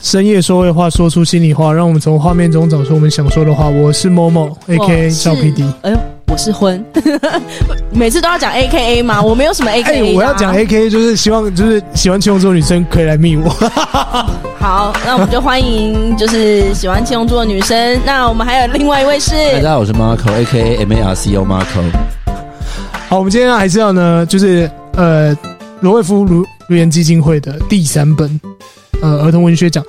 深夜說繪話,話，說出心裡話，讓我們從畫面中找出我們想說的話。我是某某，A K A 小 P D。哎呦，我是婚， 每次都要講 A K A 嘛？我沒有什麼、AK、A K A、啊欸。我要講 A K A 就是希望就是喜歡青龍座的女生可以來密我。 好，那我們就歡迎就是喜歡青龍座的女生。 那我們還有另外一位是，大家好，我是 Marco，A K A M A R C O Marco。好，我們今天、啊、還是要呢，就是呃羅慧夫顱顏基金會的第三本。呃，兒童文學獎，《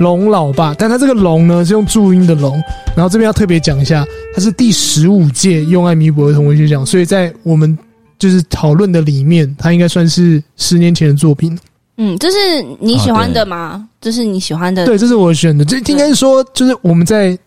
龍老爸》，但他這個龍呢是用注音的龍。然後這邊要特別講一下，他是第十五屆用愛彌補兒童文學獎，所以在我們就是討論的裡面，他應該算是十年前的作品。嗯，這是你喜歡的嗎？啊、這是你喜歡的？對，這是我選的。這應該是說，就是我們在。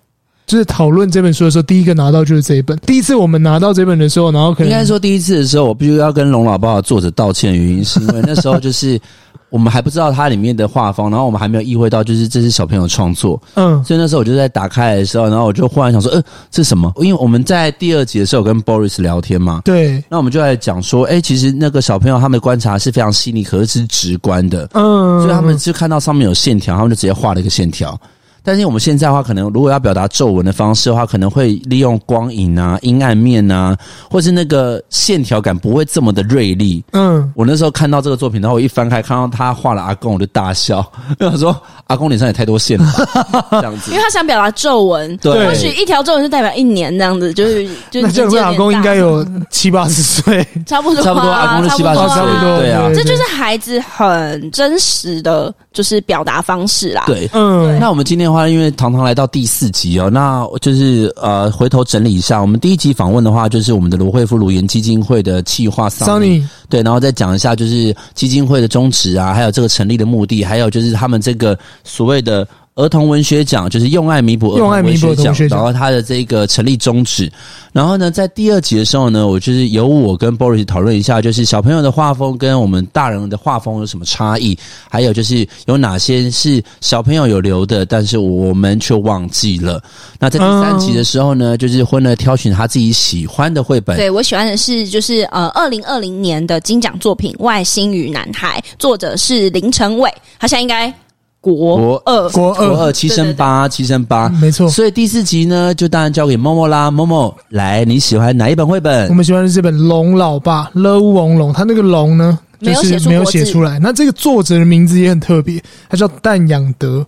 就是討論這本書的時候，第一個拿到就是這一本。第一次我們拿到這本的時候，然後可能應該說第一次的時候，我必須要跟龍老爸的作者道歉的原因是因為那時候就是 我們還不知道它裡面的畫風，然後我們還沒有意會到就是這是小朋友創作，嗯，所以那時候我就在打開來的時候，然後我就忽然想說，呃、欸，這是什麼？因為我們在第二集的時候跟 Boris 聊天嘛，對，那我們就在講說，誒、欸，其實那個小朋友他們的觀察的是非常細膩，可是是直觀的，嗯，所以他們就看到上面有線條，他們就直接畫了一個線條。但是我們現在的話，可能如果要表達皺紋的方式的話，可能會利用光影啊、陰暗面啊，或是那個線條感不會這麼的銳利。嗯，我那時候看到這個作品，然後我一翻開看到他畫了阿公，我就大笑，我想說阿公臉上也太多線了，哈哈這樣子，因為他想表達皺紋，對，或許一條皺紋就代表一年這樣子，就是就是阿公應該有七八十歲，差不多差不多阿公啊，七八十歲，對啊，這就是孩子很真實的就是表達方式啦。對，嗯，那我們今天的話。那因為堂堂來到第四集哦，那就是呃，回頭整理一下，我們第一集訪問的話，就是我們的羅慧夫顱顏基金會的企劃、商品，商品，對，然後再講一下就是基金會的宗旨啊，還有這個成立的目的，還有就是他們這個所謂的。兒童文學獎就是用愛彌補兒童文學獎，學然後他的這個成立宗旨。然後呢，在第二集的時候呢，我就是由我跟 Boris 討論一下，就是小朋友的畫風跟我們大人的畫風有什麼差異，還有就是有哪些是小朋友有留的，但是我們卻忘記了。那在第三集的時候呢，啊、就是會呢挑選他自己喜歡的繪本。對我喜歡的是就是呃，二零二零年的金獎作品《外星與男孩》，作者是林成偉，他現在應該。國二，國二，國二七升八，對對對七升八，嗯、沒錯。所以第四集呢，就當然交給默默啦。默默，來，你喜歡哪一本繪本？我們喜歡的是這本《龍老爸》o 烏王龍，他那個龍呢，就是沒有寫出來。出那這個作者的名字也很特別，他叫淡養德，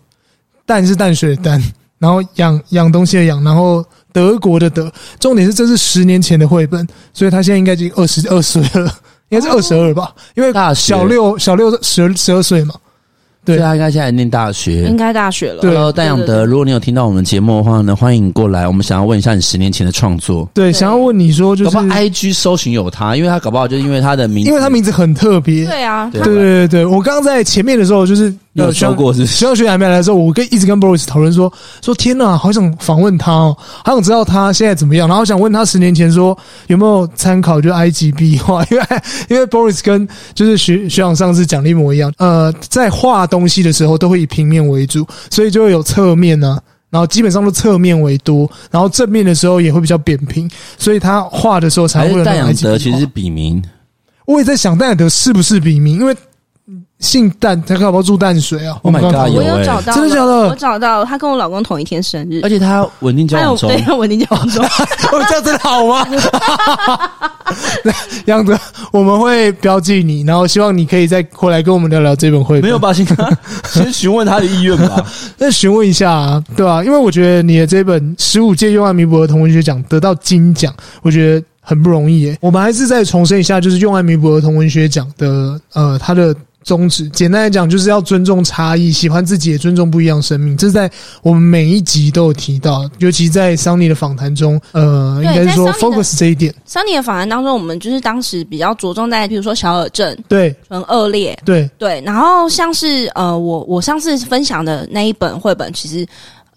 淡是淡水的淡，然後養養東西的養，然後德國的德。重點是這是十年前的繪本，所以他現在應該已經二十二歲了，應該是二十二吧？哦、因為小六小六十十二歲嘛。對，他應該現在念大學，應該大學了。對。e 戴養德，如果你有聽到我們節目的話呢，歡迎你過來。我們想要問一下你十年前的創作。對，對想要問你說，就是搞不好 IG 搜尋有他，因為他搞不好就是因為他的名字，因為他名字很特別。對啊，對對對對，他 我剛剛在前面的時候就是。有過是不是，學長，學姐還沒來的時候，我跟一直跟 Boris 討論說，說天吶，好想訪問他哦，好想知道他現在怎麼樣，然後想問他十年前說有沒有參考就是、埃及壁畫，因為因為 Boris 跟就是學學長上次講的一模一樣，呃，在畫東西的時候都會以平面為主，所以就會有側面呢、啊，然後基本上都側面為多，然後正面的時候也會比較扁平，所以他畫的時候才會。戴爾德其實是筆名，我也在想戴爾德是不是筆名？因為。姓蛋，他跟老婆住淡水啊！Oh my god！我，剛剛我有找到，欸、真的假的？我找到，他跟我老公同一天生日，而且他穩定交往。還有，對，穩定交往中。這樣子好嗎？這樣 子我們會標記你，然後希望你可以再過來跟我們聊聊這本繪本。沒有吧，先先詢問他的意願吧。那詢 問一下、啊，對吧、啊？因為我覺得你的這本十五屆用愛彌補兒童文學獎得到金獎，我覺得很不容易耶。我們還是再重申一下，就是用愛彌補兒童文學獎的，呃，他的。宗旨簡單來講，就是要尊重差異，喜歡自己，也尊重不一樣生命。這是在我們每一集都有提到，尤其在桑尼的訪談中，呃，對應該說 focus 這一點。桑尼的、的訪談當中，我們就是當時比較着重在，譬如說小耳症，對，很惡劣，對對。然後像是呃，我我上次分享的那一本繪本，其實，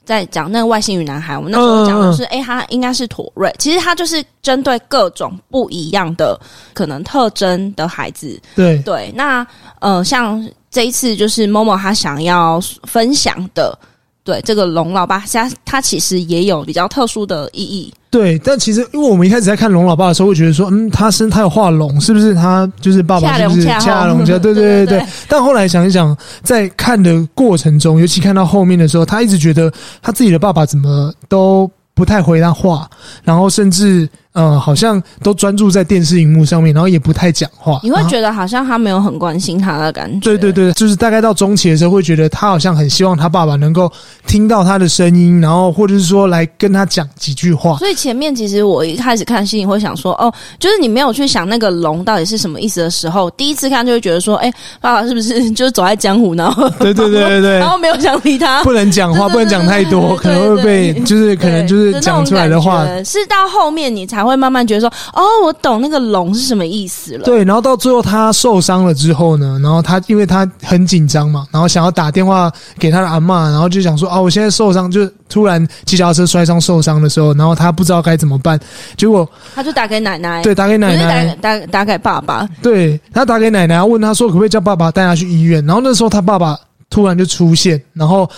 在講那個外星語男孩，我們那時候講的是，誒、呃欸，他應該是妥瑞，其實他就是針對各種不一樣的可能特徵的孩子。對對，那呃，像這一次就是 Momo 他想要分享的。對，這個龍老爸，他他其實也有比較特殊的意義。對，但其實因為我們一開始在看龍老爸的時候，會覺得說，嗯，他生他有畫龍，是不是他就是爸爸就是加龍加？對對對對。對對對，但後來想一想，在看的過程中，尤其看到後面的時候，他一直覺得他自己的爸爸怎麼都不太回他話，然後甚至。嗯，好像都專注在電視熒幕上面，然後也不太講話。你會覺得好像他沒有很關心他的感覺。對對對，就是大概到中期的時候，會覺得他好像很希望他爸爸能夠聽到他的聲音，然後或者是說來跟他講幾句話。所以前面其實我一開始看心裡會想說，哦，就是你沒有去想那個龍到底是什麼意思的時候，第一次看就會覺得說，哎，爸爸是不是就是走在江湖呢？對對對對。然後沒有想理他。不能講話，不能講太多，可能會被就是可能就是講出來的話。是到後面你才會慢慢覺得說，哦，我懂那個龍是什麼意思了。對，然後到最後他受傷了之後呢，然後他因為他很緊張嘛，然後想要打電話給他的阿嬤，然後就想說，哦、啊，我現在受傷，就突然騎腳踏車摔傷受傷的時候，然後他不知道該怎麼辦，結果他就打給奶奶，對，打給奶奶，打打打給爸爸，對，他打給奶奶問他說，可不可以叫爸爸帶他去醫院？然後那時候他爸爸。突然就出現，然後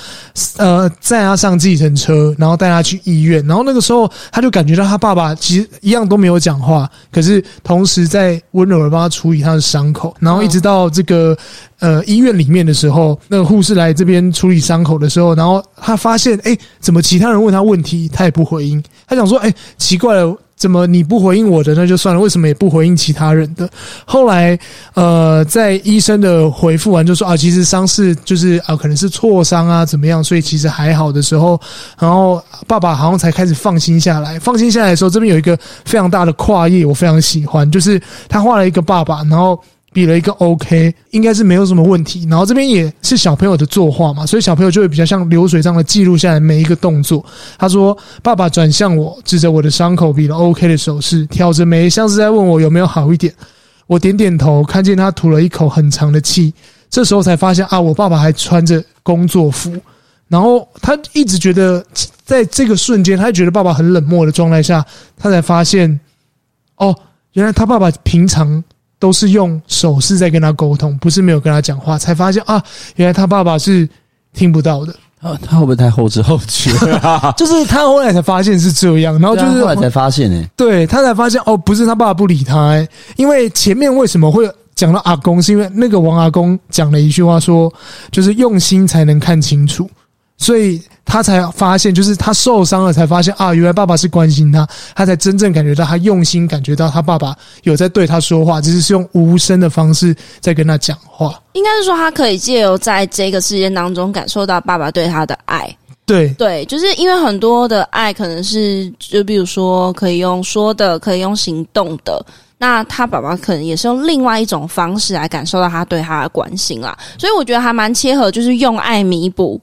呃，帶他上計程車，然後帶他去醫院。然後那個時候，他就感覺到他爸爸其實一樣都沒有講話，可是同時在溫柔的幫他處理他的傷口。然後一直到這個呃醫院裡面的時候，那個護士來這邊處理傷口的時候，然後他發現，欸，怎麼其他人問他問題，他也不回應。他想說，欸，奇怪了。怎麼你不回應我的，那就算了，為什麼也不回應其他人的？後來，呃，在醫生的回復完就說啊，其實傷勢就是啊，可能是挫傷啊，怎麼樣，所以其實還好的時候，然後爸爸好像才開始放心下來。放心下來的時候，這邊有一個非常大的跨頁，我非常喜歡，就是他畫了一個爸爸，然後。比了一個 OK，應該是沒有什麼問題。然後這邊也是小朋友的作畫嘛，所以小朋友就會比較像流水賬的記錄下來每一個動作。他說：“爸爸轉向我，指着我的傷口，比了 OK 的手勢，挑着眉，像是在問我有沒有好一點。”我點點頭，看見他吐了一口很長的氣。這時候才發現啊，我爸爸還穿着工作服。然後他一直覺得，在這個瞬間，他覺得爸爸很冷漠的狀態下，他才發現哦，原來他爸爸平常。都是用手勢在跟他溝通，不是沒有跟他講話，才發現啊，原來他爸爸是聽不到的。啊，他會不會太後知後覺？ 就是他後來才發現是這樣，然後就是、啊、後來才發現呢、欸？對，他才發現哦，不是他爸爸不理他、欸、因為前面為什麼會講到阿公，是因為那個王阿公講了一句話說，說就是用心才能看清楚，所以。他才發現，就是他受傷了，才發現啊，原來爸爸是關心他，他才真正感覺到，他用心感覺到他爸爸有在對他說話，只是用無聲的方式在跟他講話。應該是說，他可以借由在這個事件當中感受到爸爸對他的愛。對對，就是因為很多的愛，可能是就比如說可以用說的，可以用行動的，那他爸爸可能也是用另外一種方式來感受到他對他的關心啦。所以我覺得還蠻切合，就是用愛彌補。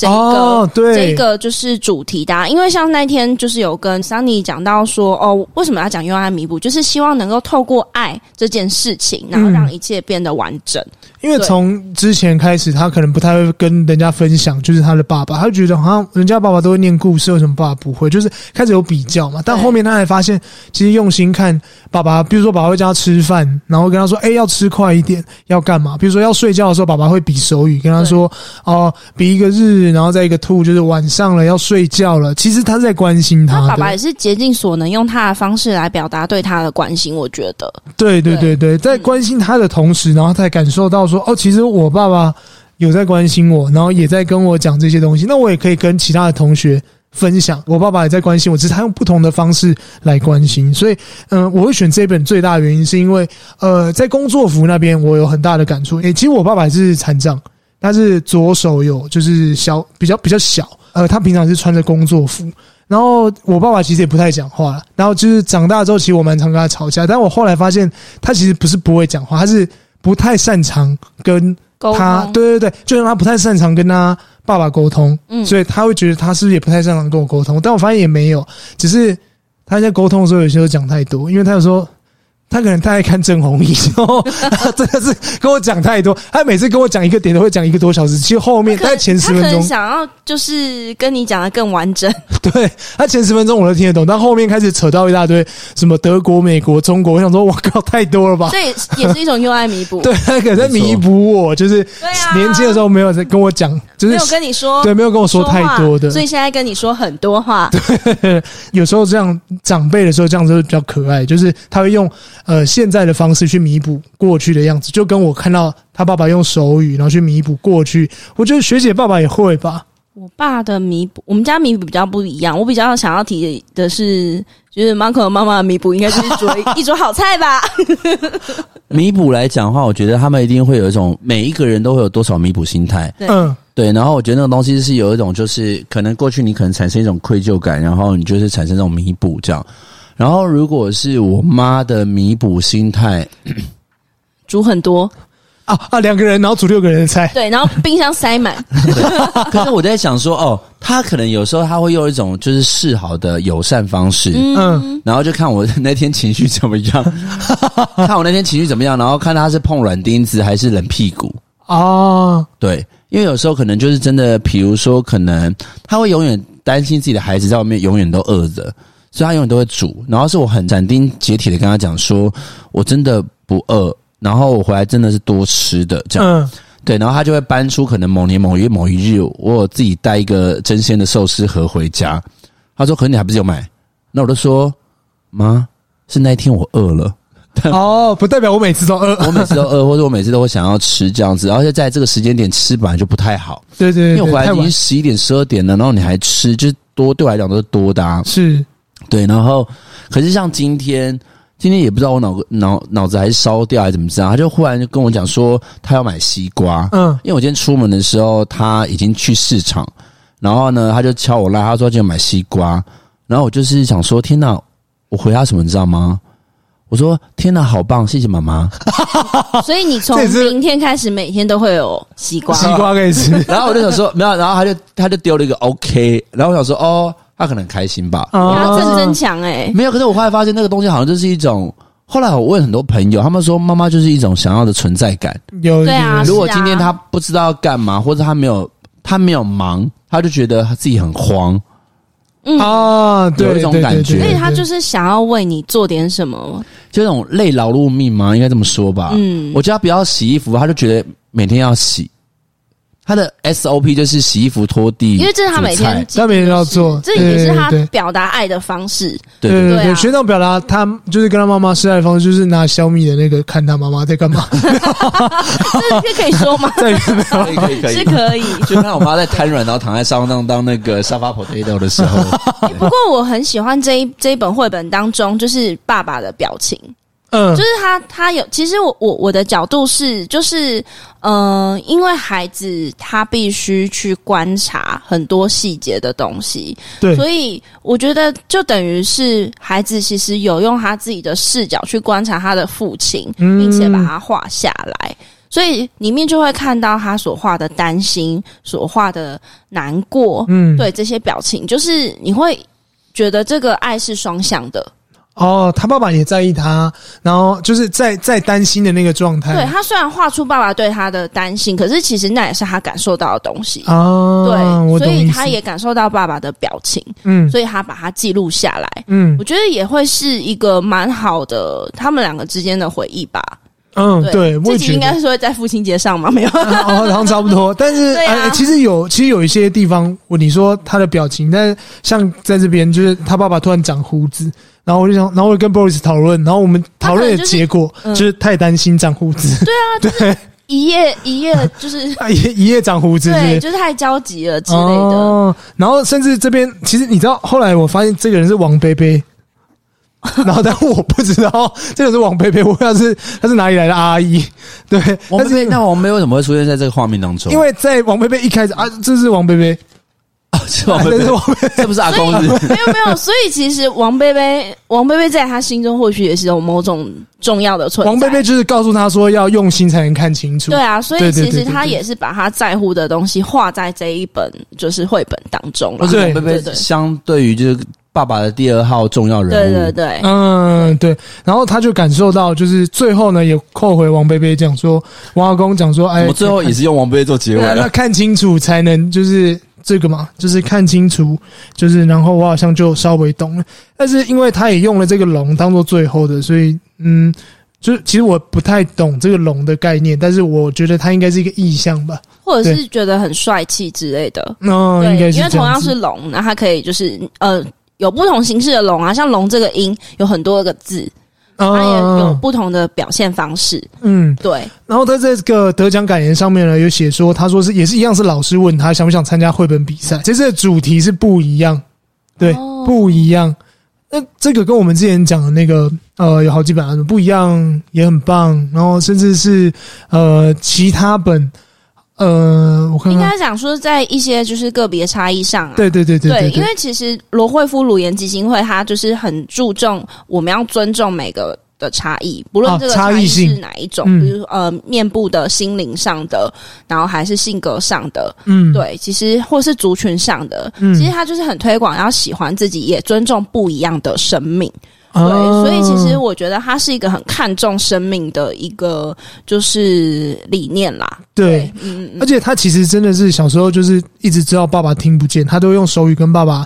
這一個、哦、對。這一個就是主題的啊，因為像那天就是有跟 Sunny 講到說，哦，為什麼要講用愛彌補？就是希望能夠透過愛這件事情，然後讓一切變得完整。嗯因為從之前開始，對他可能不太會跟人家分享，就是他的爸爸，他就覺得好像人家爸爸都會念故事，為什麼爸爸不會？就是開始有比較嘛。但後面他還發現，其實用心看爸爸，比如說爸爸會叫他吃飯，然後跟他說：“哎、欸，要吃快一點，要幹嘛？”比如說要睡覺的時候，爸爸會比手語跟他說：“哦對、呃，比一個日，然後再一個兔，就是晚上了，要睡覺了。”其實他是在關心他的。他爸爸也是竭盡所能用他的方式來表達對他的關心，我覺得。對對對對，在關心他的同時，然後他才感受到。說哦，其實我爸爸有在關心我，然後也在跟我講這些東西。那我也可以跟其他的同學分享，我爸爸也在關心我，只是他用不同的方式來關心。所以，嗯、呃，我會選這本最大的原因是因為，呃，在工作服那邊我有很大的感觸。誒、欸，其實我爸爸是殘障，他是左手有就是小，比較比較小，呃，他平常是穿着工作服。然後我爸爸其實也不太講話啦，然後就是長大之後，其實我蠻常跟他吵架。但我後來發現，他其實不是不會講話，他是。不太擅長跟他，溝通。對對對，就像他不太擅長跟他爸爸溝通，嗯，所以他會覺得他是不是也不太擅長跟我溝通？但我發現也沒有，只是他在溝通的時候有些時候講太多，因為他有時候。他可能太愛看鄭弘儀，然後他真的是跟我講太多。他每次跟我講一個點都會講一個多小時。其實後面他，他前十分鐘想要就是跟你講的更完整。對，他前十分鐘我都聽得懂，但後面開始扯到一大堆什麼德國、美國、中國，我想說我靠太多了吧。所以也是一種用愛彌補。 對，他可能在彌補我就是年輕的時候沒有在跟我講，就是沒有跟你說，對，沒有跟我說太多的，所以現在跟你說很多話。對。有時候這樣長輩的時候這樣子會比較可愛，就是他會用。呃，現在的方式去彌補過去的樣子，就跟我看到他爸爸用手語，然後去彌補過去。我覺得學姐爸爸也會吧。我爸的彌補，我們家彌補比較不一樣。我比較想要提的是，就是 Marco 媽媽的彌補，應該就是做一桌 好菜吧。彌 補來講的話，我覺得他們一定會有一種，每一個人都會有多少彌補心態。嗯對，對。然後我覺得那種東西是有一種，就是可能過去你可能產生一種愧疚感，然後你就是產生這種彌補這樣。然後，如果是我媽的彌補心態，煮很多啊、啊，兩個人然後煮六個人的菜，對，然後冰箱塞滿 對。可是我在想說，哦，她可能有時候她會用一種就是示好的友善方式，嗯，然後就看我那天情緒怎麼樣，嗯，看我那天情緒怎麼樣，然後看他是碰軟釘子還是冷屁股啊。哦，對，因為有時候可能就是真的，比如說，可能她會永遠擔心自己的孩子在外面永遠都餓着。所以，他永遠都會煮。然後是我很斬釘截鐵的跟他講說，我真的不餓。然後我回來真的是多吃的這樣。嗯、對，然後他就會搬出可能某年某月某一日，我有自己帶一個爭鮮的壽司盒回家。他說：“可你還不是有買？”那我就說：“媽，是那一天我餓了。 ”哦，不代表我每次都餓， 我每次都餓，或者我每次都會想要吃這樣子。而且在這個時間點吃，本來就不太好。對對，對對，因為我回來已經十一點、十二點了，然後你還吃，就是多，對我來講都是多的啊。是。對，然後，可是像今天，今天也不知道我腦腦腦子還是燒掉還是怎麼知道，他就忽然就跟我講說他要買西瓜，嗯，因為我今天出門的時候他已經去市場，然後呢他就敲我啦，他說要買西瓜，然後我就是想說天哪。我回他什麼你知道嗎？我說天哪，好棒，謝謝媽媽。 所以你從明天開始每天都會有西瓜，西瓜可以吃。 然後我就想說沒有，然後他就他就丟了一個 OK，然後我想說哦。他、啊、可能開心吧，你要、啊、真身真強哎、欸，沒有。可是我後來發現那個東西好像就是一種。後來我問很多朋友，他們說媽媽就是一種想要的存在感。有對啊，如果今天他不知道要幹嘛，或者他沒有他沒有忙，他就覺得他自己很慌。嗯啊，對有一種感覺，所以他就是想要為你做點什麼，就那種累勞碌命嘛，應該這麼說吧。嗯，我叫他不要洗衣服，他就覺得每天要洗。他的 SOP 就是洗衣服、拖地，因為這是他每天、他每天都要做，這也是他表達愛的方式。對對，對、啊，學長表達，他就是跟他媽媽示愛的方式，就是拿小米的那個看他媽媽在幹嘛， 這可以說嗎？ 可以可以可以是可以， 就看我媽在癱軟，然後躺在沙發上當那個沙發 potato 的時候、欸。不過我很喜歡這一這一本繪本當中，就是爸爸的表情。嗯，就是他，他有。其實我，我，我的角度是，就是，嗯、呃，因為孩子他必須去觀察很多細節的東西，對，所以我覺得就等於是孩子其實有用他自己的視角去觀察他的父親，嗯、並且把他畫下來，所以裡面就會看到他所畫的擔心，所畫的難過，嗯，對這些表情，就是你會覺得這個愛是雙向的。哦，他爸爸也在意他，然後就是在在擔心的那個狀態。對，他雖然畫出爸爸對他的擔心，可是其實那也是他感受到的東西哦，對，所以他也感受到爸爸的表情，嗯，所以他把它記錄下來，嗯，我覺得也會是一個蠻好的他們兩個之間的回憶吧。嗯，對，這集應該是說在父親節上嘛，沒有，然後差不多，但是哎，其實有，其實有一些地方，我你說他的表情，但是像在這邊，就是他爸爸突然長鬍子。然後我就想，然後我就跟 Boris 討論，然後我們討論的結果、就是嗯、就是太擔心長鬍子。對啊，對、就是，一夜一夜就是一夜、嗯、一夜長鬍子是是，對，就是太焦急了之類的、哦。然後甚至這邊，其實你知道，後來我發現這個人是王貝貝，然後但我不知道這個人是王貝貝，我不知道是他是哪裡來的阿姨。對，輩輩但是那王貝為什麼會出現在這個畫面當中？因為在王貝貝一開始啊，這是王貝貝。這不是阿公是不是？沒有沒有，所以其實王貝貝、王貝貝在他心中或許也是有某種重要的存在。王貝貝就是告訴他說，要用心才能看清楚。對啊，所以其實他也是把他在乎的東西畫在這一本就是繪本當中了。對對對，王貝貝相對於就是爸爸的第二號重要人物。對對對，嗯對。然後他就感受到，就是最後呢也扣回王貝貝講說，王阿公講說，哎，我最後也是用王貝貝做結尾。那看清楚才能就是。這個嘛，就是看清楚，就是然後我好像就稍微懂了。但是因為他也用了這個龍當做最後的，所以嗯，就是其實我不太懂這個龍的概念，但是我覺得它應該是一個意象吧，或者是覺得很帥氣之類的。嗯、哦，對應該是因為同樣是龍，那它可以就是呃，有不同形式的龍啊，像龍這個音有很多個字。他、啊、也有不同的表現方式，嗯，對。然後他在這個得獎感言上面呢，有寫說，他說是也是一樣，是老師問他想不想參加繪本比賽，其實這主題是不一樣，對，哦、不一樣。那、呃、這個跟我們之前講的那個，呃，有好幾本、啊、不一樣，也很棒。然後甚至是呃其他本。呃，我看看應該講說，在一些就是個別差異上、啊，對對對，對對對對對，對，因為其實羅慧夫顱顏基金會，它就是很注重我們要尊重每個的差異，不論這個差異是哪一種，啊嗯、比如說呃，面部的、心靈上的，然後還是性格上的，嗯，對，其實或是族群上的，嗯，其實它就是很推廣要喜歡自己，也尊重不一樣的生命。對，啊、所以其實我覺得他是一個很看重生命的一個就是理念啦。對，嗯，而且他其實真的是小時候就是一直知道爸爸聽不見，他都用手語跟爸爸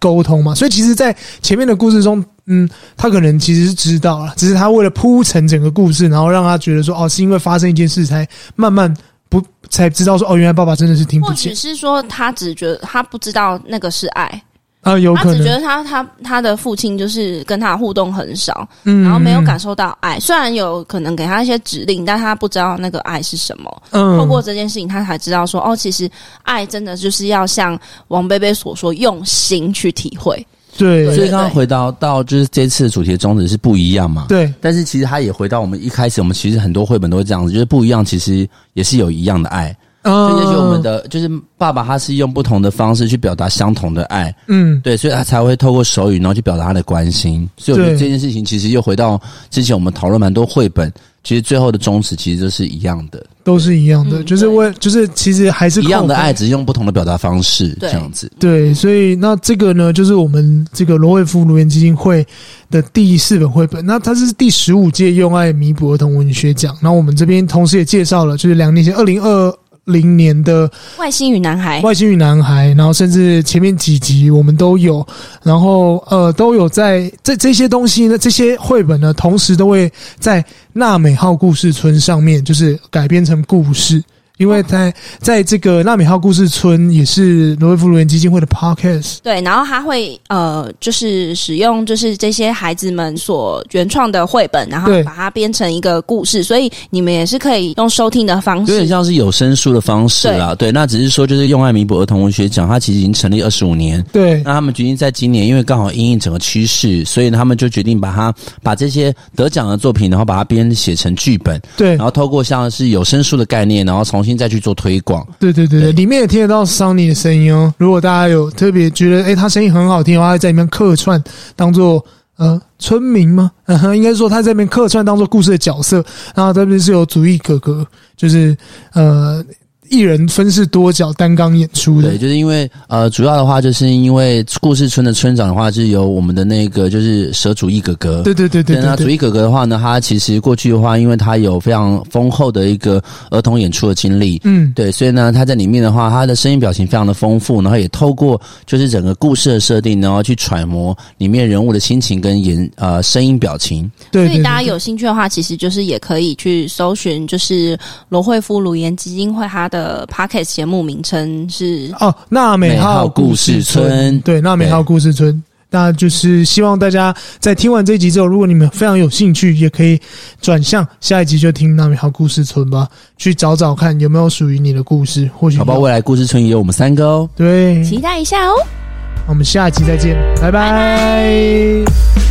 溝通嘛。所以其實，在前面的故事中，嗯，他可能其實是知道了，只是他為了鋪陳整個故事，然後讓他覺得說，哦，是因為發生一件事才慢慢不才知道說，哦，原來爸爸真的是聽不見。或許是說，他只覺得他不知道那個是愛。啊，有，他只覺得他他他的父親就是跟他互動很少，嗯，然後沒有感受到愛，雖然有可能給他一些指令，但他不知道那個愛是什麼。嗯，透過這件事情，他才知道說，哦，其實愛真的就是要像王貝貝所說，用心去體會。對，對所以剛剛回到到就是這次主題的宗旨是不一樣嘛？對，但是其實他也回到我們一開始，我們其實很多繪本都是這樣子，就是不一樣，其實也是有一樣的愛。嗯，uh, 所以也許我們的就是爸爸，他是用不同的方式去表達相同的愛，嗯，對，所以他才會透過手語然後去表達他的關心。對所以我覺得這件事情其實又回到之前我們討論蠻多繪本，其實最後的宗旨其實是都是一樣的，都是一樣的，就是為對就是其實還是一樣的愛，只是用不同的表達方式這樣子。對，對，所以那這個呢，就是我們這個羅慧夫顱顏基金會的第四本繪本，那它是第十五屆用愛彌補兒童文學獎。那我們這邊同時也介紹了，就是兩年前二零二零年的《外星語男孩》，《外星語男孩》，然後甚至前面幾集我們都有，然後呃都有在這這些東西呢，這些繪本呢，同時都會在《納美號故事村》上面，就是改編成故事。因為在在這個納美號故事村也是羅慧夫顱顏基金會的 podcast，對，然後他會呃，就是使用就是這些孩子們所原創的繪本，然後把它編成一個故事，對所以你們也是可以用收聽的方式，對，像是有聲書的方式啦，對，對，那只是說就是用愛彌補兒童文學獎，它其實已經成立二十五年，對，那他們決定在今年，因為剛好因應整個趨勢，所以他們就決定把它把這些得獎的作品，然後把它編寫成劇本，對，然後透過像是有聲書的概念，然後從重新再去做推廣，對對對，對。裡面也聽得到 Sunny 的聲音哦！如果大家有特別覺得，誒，他聲音很好聽的話，然後在裡面客串當，當做呃村民嗎？嗯、呃、哼，應該說他在裡面客串當做故事的角色。然後這邊是有主義哥哥，就是呃。一人分飾多角，單崗演出的，對，就是因為呃，主要的話，就是因為故事村的村長的話，是由我們的那個就是蛇主一哥哥，對對對對，對對對對。那主一哥哥的話呢，他其實過去的話，因為他有非常豐厚的一個兒童演出的經歷，嗯，對，所以呢，他在裡面的話，他的聲音表情非常的豐富，然後也透過就是整個故事的設定，然後去揣摩裡面人物的心情跟演呃聲音表情。對，對，對，對，對，所以大家有興趣的話，其實就是也可以去搜尋，就是羅慧夫顱顏基金會他的。呃，Podcast 節目名稱是哦，納美號故事村，故事村對，納美號故事村，對那就是希望大家在聽完這一集之後，如果你們非常有興趣，也可以轉向下一集就聽納美號故事村吧，去找找看有沒有屬於你的故事。或許，好吧，未來故事村也有我們三個哦，對，期待一下哦。我們下一集再見，拜拜。Bye bye